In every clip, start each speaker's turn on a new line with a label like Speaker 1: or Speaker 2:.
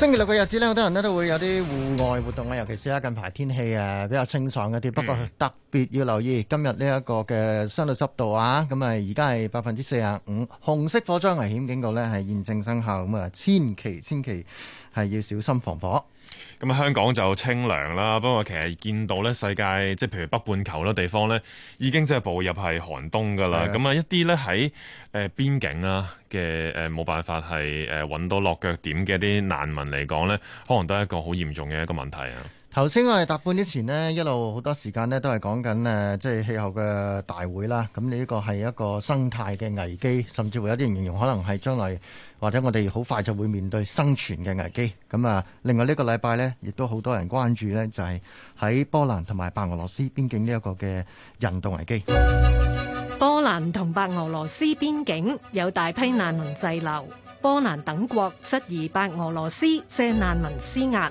Speaker 1: 星期六嘅日子呢，好多人都會有啲戶外活動啊，尤其是啊近排天氣誒比較清爽一啲，不過特別要留意今日呢一個嘅相對濕度啊，咁啊而家係百分之四十五，紅色火災危險警告呢係現正生效，咁啊千祈千祈係要小心防火。
Speaker 2: 咁啊，香港就清涼啦。不過其實見到咧，世界即係譬如北半球咧地方咧，已經即係步入係寒冬噶啦。咁啊的，一啲咧喺誒邊境啊嘅誒冇辦法係誒搵到落腳點嘅一啲難民嚟講咧，可能都係一個好嚴重嘅一個問題啊。
Speaker 1: 頭先我哋搭半之前呢，一路好多時間呢都係講緊誒，即係氣候嘅大會啦。咁呢個係一個生態嘅危機，甚至會有啲人形容可能係將來或者我哋好快就會面對生存嘅危機。咁啊，另外呢個禮拜呢，亦都好多人關注呢，就係喺波蘭同埋白俄羅斯邊境呢一個嘅人道危機。
Speaker 3: 波蘭同白俄羅斯邊境有大批難民滯留，波蘭等國質疑白俄羅斯借難民施壓。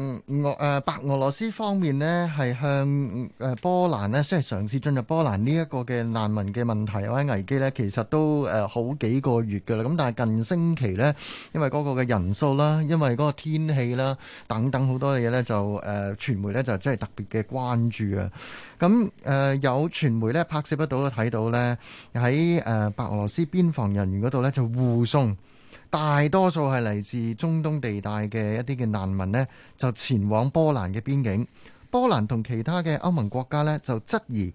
Speaker 1: 俄誒白俄羅斯方面呢，係向誒波蘭咧，即係嘗試進入波蘭呢一個嘅難民嘅問題或者危機呢，其實都誒好幾個月㗎喇。咁但係近星期呢，因為嗰個嘅人數啦，因為嗰個天氣啦，等等好多嘢呢，就誒傳媒呢，就真係特別嘅關注啊。咁誒有傳媒呢，拍攝得到睇到呢喺誒白俄羅斯邊防人員嗰度呢，就護送。大多數係嚟自中東地帶嘅一啲嘅難民呢就前往波蘭嘅邊境。波蘭同其他嘅歐盟國家呢就質疑。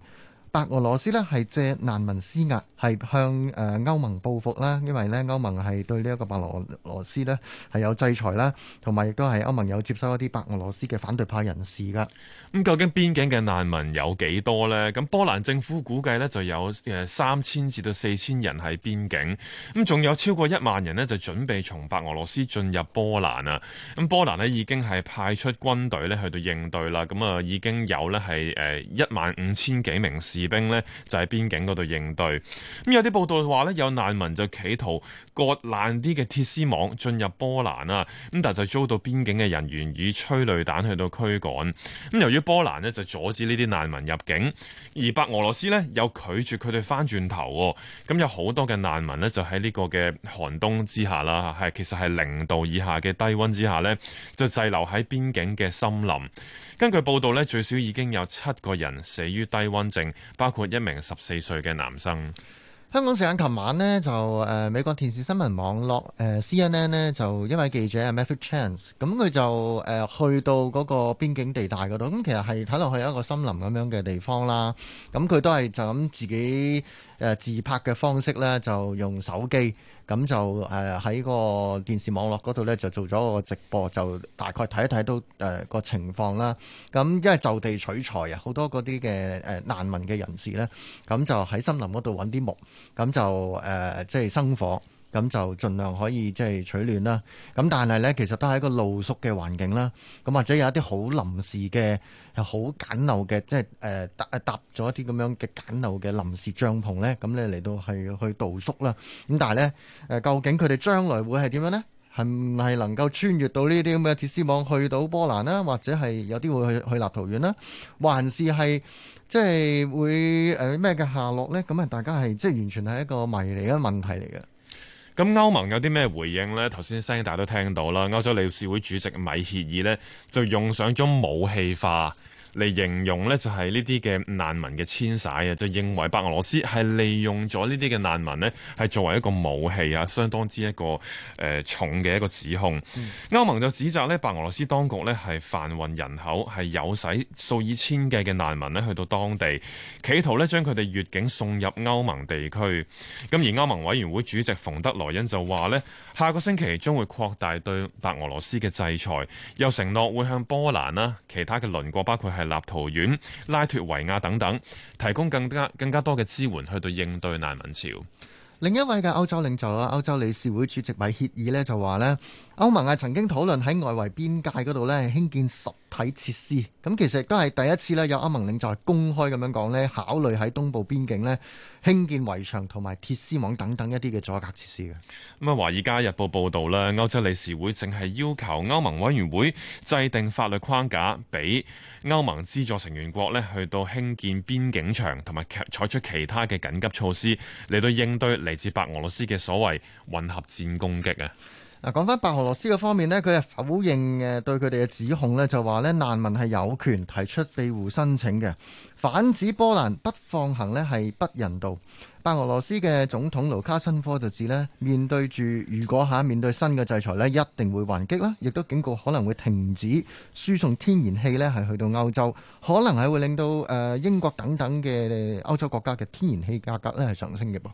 Speaker 1: 白俄羅斯咧係借難民施壓，係向誒歐盟報復啦。因為呢，歐盟係對呢一個白俄羅斯咧係有制裁啦，同埋亦都係歐盟有接收一啲白俄羅斯嘅反對派人士㗎。咁
Speaker 2: 究竟邊境嘅難民有幾多少呢？咁波蘭政府估計呢就有誒三千至到四千人喺邊境，咁仲有超過一萬人呢，就準備從白俄羅斯進入波蘭啊。咁波蘭咧已經係派出軍隊咧去到應對啦。咁啊已經有呢係誒一萬五千幾名士兵呢就喺邊境嗰度應對，咁有啲報道話呢，有難民就企圖割爛啲嘅鐵絲網進入波蘭啊，咁但就遭到邊境嘅人員以催淚彈去到驅趕。咁由於波蘭呢就阻止呢啲難民入境，而白俄羅斯呢又拒絕佢哋翻轉頭。咁有好多嘅難民呢就喺呢個嘅寒冬之下啦，係其實係零度以下嘅低溫之下呢就滯留喺邊境嘅森林。根據報道呢，最少已經有七個人死於低溫症。包括一名十四歲嘅男生。
Speaker 1: 香港時間琴晚呢，就、呃、美國電視新聞網絡、呃、CNN 呢，就一位記者係 Matthew Chance，咁佢就、呃、去到嗰個邊境地帶嗰度，咁、嗯、其實係睇落去一個森林咁樣嘅地方啦，咁、嗯、佢都係就咁自己，誒自拍嘅方式咧，就用手機，咁就誒喺個電視網絡嗰度咧，就做咗個直播，就大概睇一睇到誒個情況啦。咁因為就地取材啊，好多嗰啲嘅誒難民嘅人士咧，咁就喺森林嗰度搵啲木，咁就誒即係生火。咁就盡量可以即係取暖啦。咁但係咧，其實都係一個露宿嘅環境啦。咁或者有一啲好臨時嘅又好簡陋嘅，即係誒、呃、搭咗一啲咁樣嘅簡陋嘅臨時帳篷咧。咁你嚟到係去度宿啦。咁但係咧誒，究竟佢哋將來會係點樣呢？係唔係能夠穿越到呢啲咁嘅鐵絲網去到波蘭啦？或者係有啲會去去立陶宛啦？還是係即係會誒咩嘅下落咧？咁啊，大家係即係完全係一個迷離嘅問題嚟嘅。
Speaker 2: 咁歐盟有啲咩回應呢？頭先聲音大家都聽到啦，歐洲理事會主席米歇爾呢，就用上咗武器化，嚟形容呢就係呢啲嘅難民嘅遷徙啊，就認為白俄羅斯係利用咗呢啲嘅難民呢係作為一個武器啊，相當之一個誒、呃、重嘅一個指控。嗯、歐盟就指責呢白俄羅斯當局呢係販運人口，係有使數以千計嘅難民呢去到當地，企圖呢將佢哋越境送入歐盟地區。咁而歐盟委員會主席馮德萊恩就話呢。」下個星期將會擴大對白俄羅斯嘅制裁，又承諾會向波蘭啦、其他嘅鄰國，包括係立陶宛、拉脱維亞等等，提供更加更加多嘅支援去到應對難民潮。
Speaker 1: 另一位嘅歐洲領袖啦，歐洲理事會主席米歇爾呢就話呢。歐盟係曾經討論喺外圍邊界嗰度咧興建實體設施，咁其實亦都係第一次咧，有歐盟領袖公開咁樣講咧，考慮喺東部邊境呢，興建圍牆同埋鐵絲網等等一啲嘅阻隔設施嘅。
Speaker 2: 咁啊，《華爾街日報》報道咧，歐洲理事會正係要求歐盟委員會制定法律框架，俾歐盟資助成員國呢去到興建邊境牆同埋採取其他嘅緊急措施，嚟到應對嚟自白俄羅斯嘅所謂混合戰攻擊啊！
Speaker 1: 嗱，講翻白俄羅斯嗰方面呢，佢係否認誒對佢哋嘅指控呢，就話呢難民係有權提出庇護申請嘅，反指波蘭不放行呢係不人道。白俄羅斯嘅總統盧卡申科就指呢面對住如果吓、啊、面對新嘅制裁呢一定會還擊啦，亦都警告可能會停止輸送天然氣呢係去到歐洲，可能係會令到誒英國等等嘅歐洲國家嘅天然氣價格呢係上升嘅噃。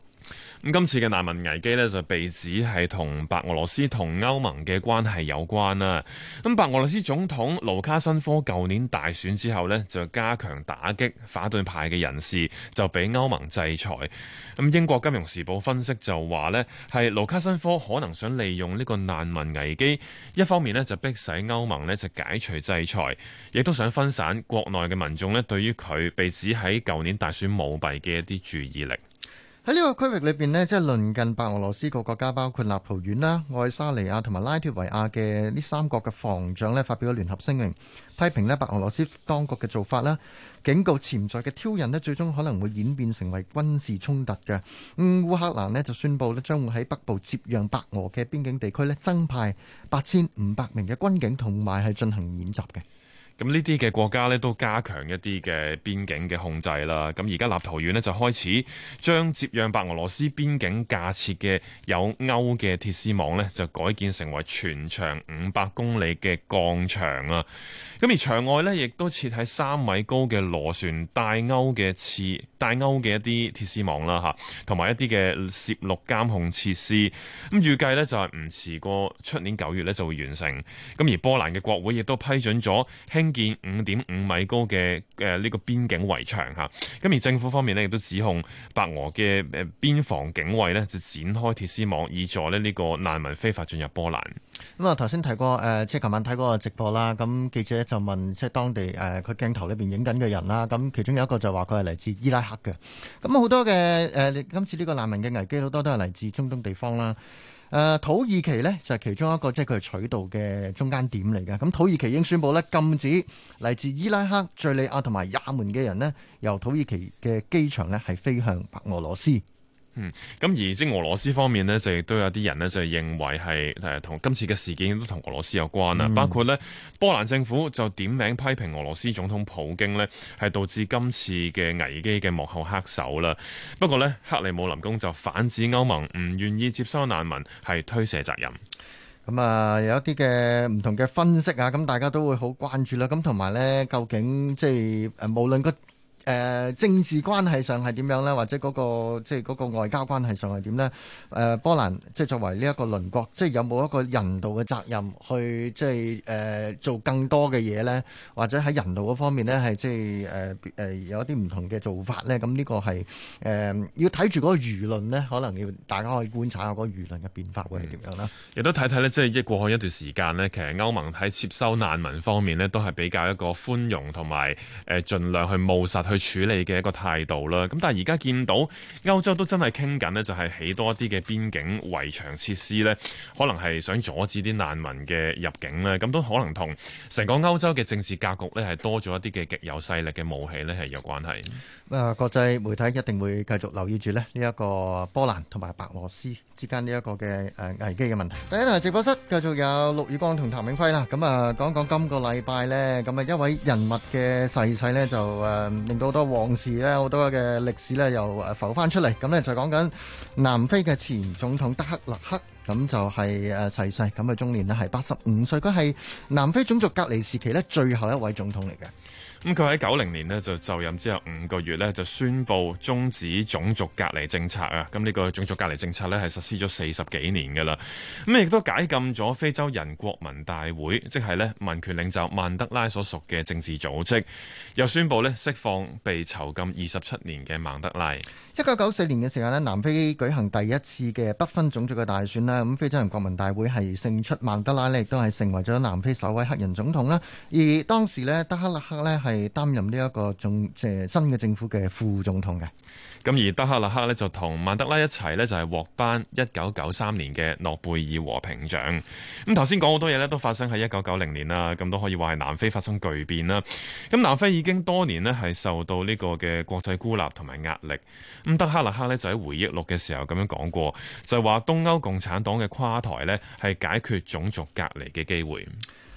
Speaker 2: 咁今次嘅難民危機咧，就被指係同白俄羅斯同歐盟嘅關係有關啦。咁白俄羅斯總統盧卡申科舊年大選之後咧，就加強打擊反對派嘅人士，就俾歐盟制裁。咁英國金融時報分析就話咧，係盧卡申科可能想利用呢個難民危機，一方面咧就迫使歐盟咧就解除制裁，亦都想分散國內嘅民眾咧對於佢被指喺舊年大選舞弊嘅一啲注意力。
Speaker 1: 喺呢個區域裏邊咧，即係鄰近白俄羅斯各個國家，包括立陶宛啦、愛沙尼亞同埋拉脫維亞嘅呢三國嘅防長咧，發表咗聯合聲明，批評咧白俄羅斯當局嘅做法啦，警告潛在嘅挑釁咧，最終可能會演變成為軍事衝突嘅。咁烏克蘭咧就宣布咧將會喺北部接壤白俄嘅邊境地區咧增派八千五百名嘅軍警，同埋係進行演習嘅。
Speaker 2: 咁呢啲嘅國家呢，都加強一啲嘅邊境嘅控制啦。咁而家立陶宛呢，就開始將接壤白俄羅斯邊境架設嘅有鈎嘅鐵絲網呢，就改建成為全長五百公里嘅鋼牆啊！咁而牆外呢，亦都設喺三米高嘅螺旋帶鈎嘅刺帶鈎嘅一啲鐵絲網啦，嚇，同埋一啲嘅攝錄監控設施。咁預計呢，就係唔遲過出年九月呢就會完成。咁而波蘭嘅國會亦都批准咗興建五點五米高嘅，誒呢個邊境圍牆吓。咁而政府方面咧，亦都指控白俄嘅，誒邊防警衛咧，就展開鐵絲網，以助咧，呢個難民非法進入波蘭。
Speaker 1: 咁啊，頭先提過誒、呃，即係琴晚睇嗰個直播啦，咁記者就問，即係當地誒佢鏡頭裏邊影緊嘅人啦，咁其中有一個就話佢係嚟自伊拉克嘅，咁好多嘅誒、呃、今次呢個難民嘅危機，好多都係嚟自中東地方啦。誒，土耳其咧就係其中一個即係佢取道嘅中間點嚟嘅，咁土耳其已經宣布咧禁止嚟自伊拉克、敘利亞同埋也門嘅人咧由土耳其嘅機場咧係飛向白俄羅斯。
Speaker 2: 嗯，咁而即俄羅斯方面呢，就亦都有啲人呢，就認為係誒同今次嘅事件都同俄羅斯有關啦。嗯、包括呢，波蘭政府就點名批評俄羅斯總統普京呢，係導致今次嘅危機嘅幕後黑手啦。不過呢，克里姆林宮就反指歐盟唔願意接收難民，係推卸責任。
Speaker 1: 咁啊、嗯呃，有一啲嘅唔同嘅分析啊，咁、嗯、大家都會好關注啦、啊。咁同埋呢，究竟即係、呃、無論個。誒、呃、政治關係上係點樣咧？或者嗰、那個即係嗰個外交關係上係點咧？誒、呃、波蘭即係作為呢一個鄰國，即、就、係、是、有冇一個人道嘅責任去即係誒做更多嘅嘢咧？或者喺人道嗰方面咧，係即係誒誒有一啲唔同嘅做法咧？咁呢個係誒、呃、要睇住嗰個輿論咧，可能要大家可以觀察下個輿論嘅變化會係點樣啦。
Speaker 2: 亦、嗯、都睇睇咧，即、就、係、是、一過去一段時間咧，其實歐盟喺接收難民方面咧，都係比較一個寬容同埋誒盡量去務實去處理嘅一個態度啦，咁但係而家見到歐洲都真係傾緊呢，就係起多啲嘅邊境圍牆設施呢，可能係想阻止啲難民嘅入境咧，咁都可能同成個歐洲嘅政治格局呢，係多咗一啲嘅極有勢力嘅武器呢，係有關係。
Speaker 1: 咁啊，國際媒體一定會繼續留意住呢，呢一個波蘭同埋白羅斯之間呢一個嘅誒危機嘅問題。第一台直播室繼續有陸宇光同譚永輝啦，咁啊講講今個禮拜呢，咁啊一位人物嘅逝世呢，就誒令到，好多往事咧，好多嘅歷史咧，又浮翻出嚟。咁咧就講緊南非嘅前總統德克勒克，咁就係誒逝世，咁嘅終年咧係八十五歲，佢係南非種族隔離時期咧最後一位總統嚟嘅。
Speaker 2: 咁佢喺九零年呢就就任之後五個月咧就宣布終止種族隔離政策啊！咁呢個種族隔離政策咧係實施咗四十幾年噶啦，咁亦都解禁咗非洲人國民大會，即係咧民權領袖曼德拉所屬嘅政治組織，又宣布咧釋放被囚禁二十七年嘅曼德拉。一
Speaker 1: 九九四年嘅時候咧，南非舉行第一次嘅不分種族嘅大選啦，咁非洲人國民大會係勝出，曼德拉咧亦都係成為咗南非首位黑人總統啦。而當時咧，德克勒克咧係係擔任呢一個政即係新嘅政府嘅副總統嘅。
Speaker 2: 咁而德克勒克呢，就同曼德拉一齊呢，就係獲頒一九九三年嘅諾貝爾和平獎。咁頭先講好多嘢呢，都發生喺一九九零年啦，咁都可以話係南非發生巨變啦。咁南非已經多年呢，係受到呢個嘅國際孤立同埋壓力。咁德克勒克呢，就喺回憶錄嘅時候咁樣講過，就係話東歐共產黨嘅垮台呢，係解決種族隔離嘅機會。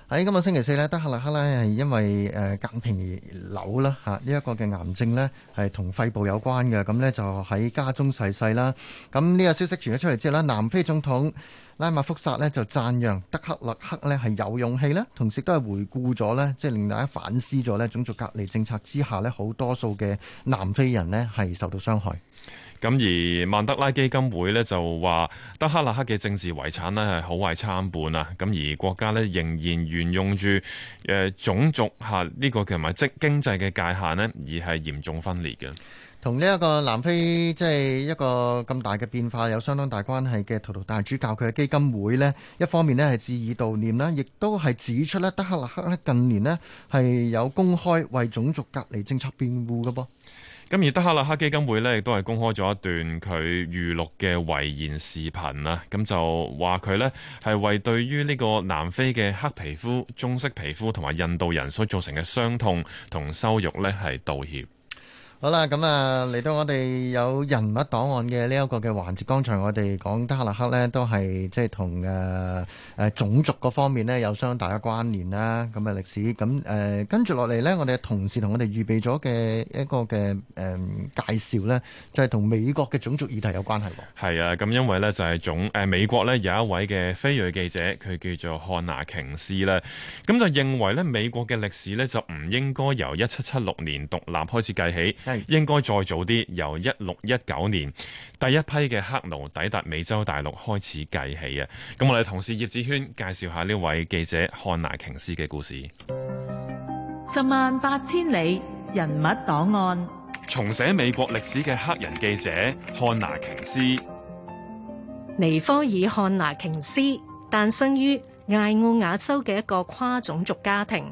Speaker 1: 喺今日星期四呢，德克勒克呢，係因為誒間、呃、皮瘤啦嚇，呢、啊、一、這個嘅癌症呢，係同肺部有關嘅，咁呢，就喺家中逝世啦。咁呢個消息傳咗出嚟之後呢，南非總統，拉馬福薩咧就讚揚德克勒克咧係有勇氣啦，同時都係回顧咗咧，即係令大家反思咗咧，種族隔離政策之下咧，好多數嘅南非人咧係受到傷害。
Speaker 2: 咁而曼德拉基金會咧就話，德克勒克嘅政治遺產咧係好壞參半啊。咁而國家咧仍然沿用住誒種族嚇呢個同埋即經濟嘅界限咧，而係嚴重
Speaker 1: 分裂嘅。同呢一個南非即係、就是、一個咁大嘅變化有相當大關係嘅圖圖大主教佢嘅基金會呢，一方面呢係致以悼念啦，亦都係指出咧德克勒克咧近年呢係有公開為種族隔離政策辯護㗎噃。
Speaker 2: 咁而德克勒克基金會呢亦都係公開咗一段佢預錄嘅遺言視頻啊，咁就話佢呢係為對於呢個南非嘅黑皮膚、棕色皮膚同埋印度人所造成嘅傷痛同羞辱呢係道歉。
Speaker 1: 好啦，咁啊嚟到我哋有人物檔案嘅呢、就是呃呢，嗯呃、呢一個嘅環節，剛才我哋講德克勒克咧，都係即係同誒誒種族嗰方面咧有相當大嘅關聯啦。咁啊，歷史，咁誒跟住落嚟咧，我哋同事同我哋預備咗嘅一個嘅誒介紹咧，就係、是、同美國嘅種族議題有關係。
Speaker 2: 係啊，咁因為咧就係總誒、呃、美國咧有一位嘅非裔記者，佢叫做漢娜瓊斯啦。咁就認為咧美國嘅歷史咧就唔應該由一七七六年獨立開始計起。應該再早啲，由一六一九年第一批嘅黑奴抵達美洲大陸開始計起啊！咁我哋同事葉子萱介紹下呢位記者漢娜瓊斯嘅故事。
Speaker 3: 十萬八千里人物檔案，
Speaker 2: 重寫美國歷史嘅黑人記者漢娜瓊斯。
Speaker 3: 尼科爾漢娜瓊斯誕生於艾奧瓦州嘅一個跨種族家庭，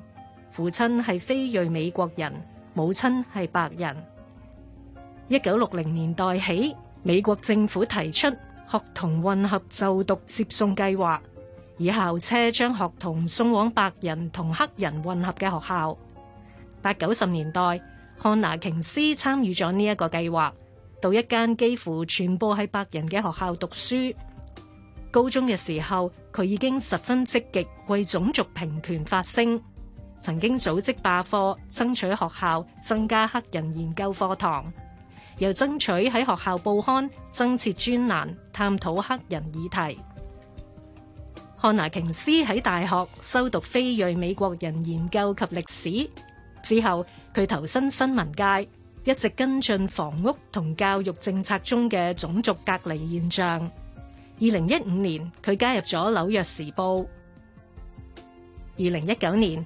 Speaker 3: 父親係非裔美國人。母親係白人。一九六零年代起，美國政府提出學童混合就讀接送計劃，以校車將學童送往白人同黑人混合嘅學校。八九十年代，漢娜瓊斯參與咗呢一個計劃，到一間幾乎全部係白人嘅學校讀書。高中嘅時候，佢已經十分積極為種族平權發聲。曾經組織罷課，爭取學校增加黑人研究課堂，又爭取喺學校報刊增設專欄，探討黑人議題。漢娜瓊斯喺大學修讀非裔美國人研究及歷史，之後，佢投身新聞界，一直跟進房屋同教育政策中嘅種族隔離現象。二零一五年，佢加入咗《紐約時報》。二零一九年，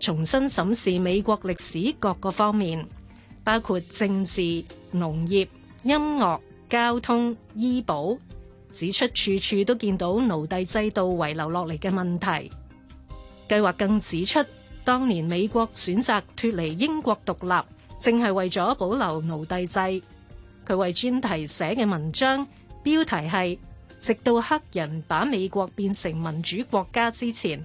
Speaker 3: 重新審視美國歷史各個方面，包括政治、農業、音樂、交通、醫保，指出處處都見到奴隸制度遺留落嚟嘅問題。計劃更指出，當年美國選擇脫離英國獨立，正係為咗保留奴隸制。佢為專題寫嘅文章標題係，直到黑人把美國變成民主國家之前。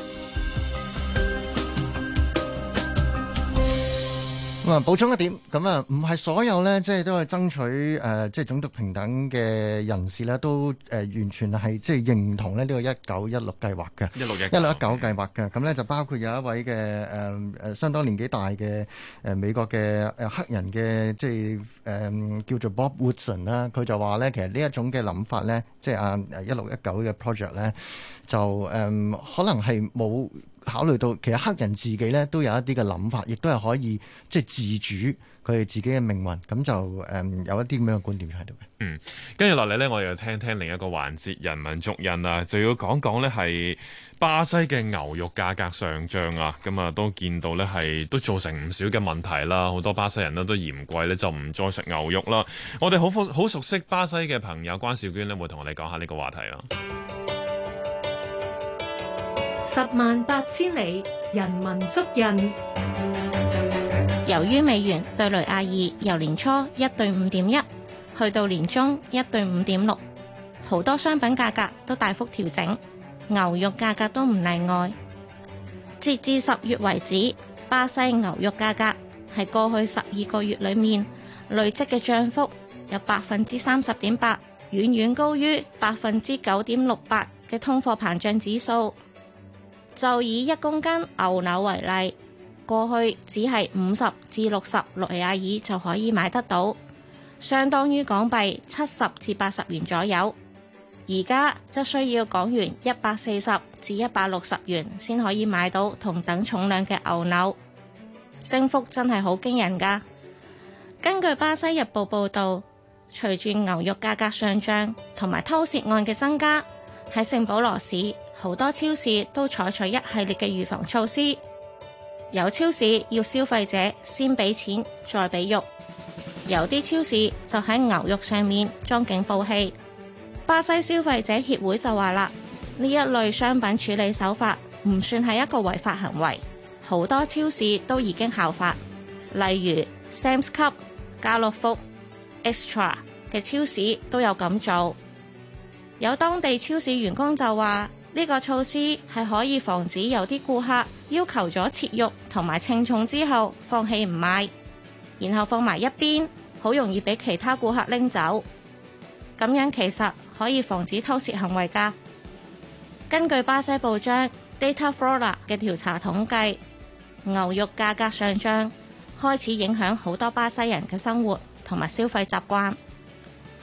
Speaker 1: 嗯、補充一點，咁啊，唔係所有咧，即係都係爭取誒、呃，即係種族平等嘅人士咧，都誒、呃、完全係即係認同咧呢個一九一六計劃嘅，一六一九計劃嘅。咁咧 okay. 就包括有一位嘅誒誒相當年紀大嘅誒、呃、美國嘅誒黑人嘅，即係誒、呃、叫做 Bob Woodson 啦。佢就話咧，其實呢一種嘅諗法咧，即係啊一、呃、六一九嘅 project 咧，就誒、呃、可能係冇。考慮到其實黑人自己咧都有一啲嘅諗法，亦都係可以即係自主佢哋自己嘅命運，咁就誒有一啲咁樣嘅觀點喺度。嗯，
Speaker 2: 跟住落嚟咧，我又要聽聽另一個環節，人文足印啊，就要講講咧係巴西嘅牛肉價格上漲啊，咁、嗯、啊都見到咧係都造成唔少嘅問題啦，好多巴西人咧都嫌貴咧就唔再食牛肉啦。我哋好熟好熟悉巴西嘅朋友關少娟咧，會同我哋講下呢個話題啊。
Speaker 4: 十萬八千里，人文足印。由於美元對雷亞爾由年初一對五點一，去到年中一對五點六，好多商品價格都大幅調整，牛肉價格都唔例外。截至十月為止，巴西牛肉價格係過去十二個月裏面累積嘅漲幅有百分之三十點八，遠遠高於百分之九點六八嘅通貨膨脹指數。就以一公斤牛柳為例，過去只係五十至六十雷亞爾就可以買得到，相當於港幣七十至八十元左右。而家則需要港元一百四十至一百六十元先可以買到同等重量嘅牛柳，升幅真係好驚人噶。根據巴西日報報導，隨住牛肉價格上漲同埋偷竊案嘅增加，喺聖保羅市，好多超市都採取一系列嘅預防措施，有超市要消費者先俾錢再俾肉，有啲超市就喺牛肉上面裝警報器。巴西消費者協會就話啦，呢一類商品處理手法唔算係一個違法行為，好多超市都已經效法，例如 Sam's Club、家樂福、Extra 嘅超市都有咁做。有當地超市員工就話。呢個措施係可以防止有啲顧客要求咗切肉同埋稱重之後放棄唔賣，然後放埋一邊，好容易俾其他顧客拎走。咁樣其實可以防止偷竊行為㗎。根據巴西報章 Data Flora 嘅調查統計，牛肉價格上漲開始影響好多巴西人嘅生活同埋消費習慣。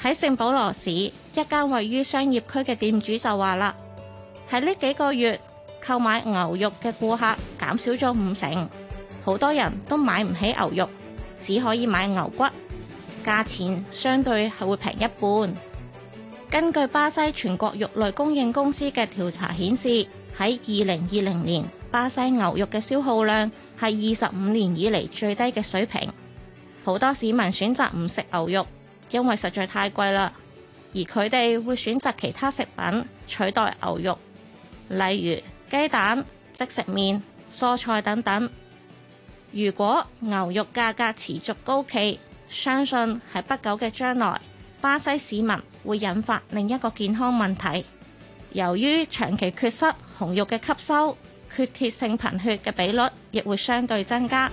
Speaker 4: 喺聖保羅市一間位於商業區嘅店主就話啦。喺呢幾個月購買牛肉嘅顧客減少咗五成，好多人都買唔起牛肉，只可以買牛骨，價錢相對係會平一半。根據巴西全國肉類供應公司嘅調查顯示，喺二零二零年巴西牛肉嘅消耗量係二十五年以嚟最低嘅水平，好多市民選擇唔食牛肉，因為實在太貴啦，而佢哋會選擇其他食品取代牛肉。例如雞蛋、即食麵、蔬菜等等。如果牛肉價格持續高企，相信喺不久嘅將來，巴西市民會引發另一個健康問題。由於長期缺失紅肉嘅吸收，缺鐵性貧血嘅比率亦會相對增加。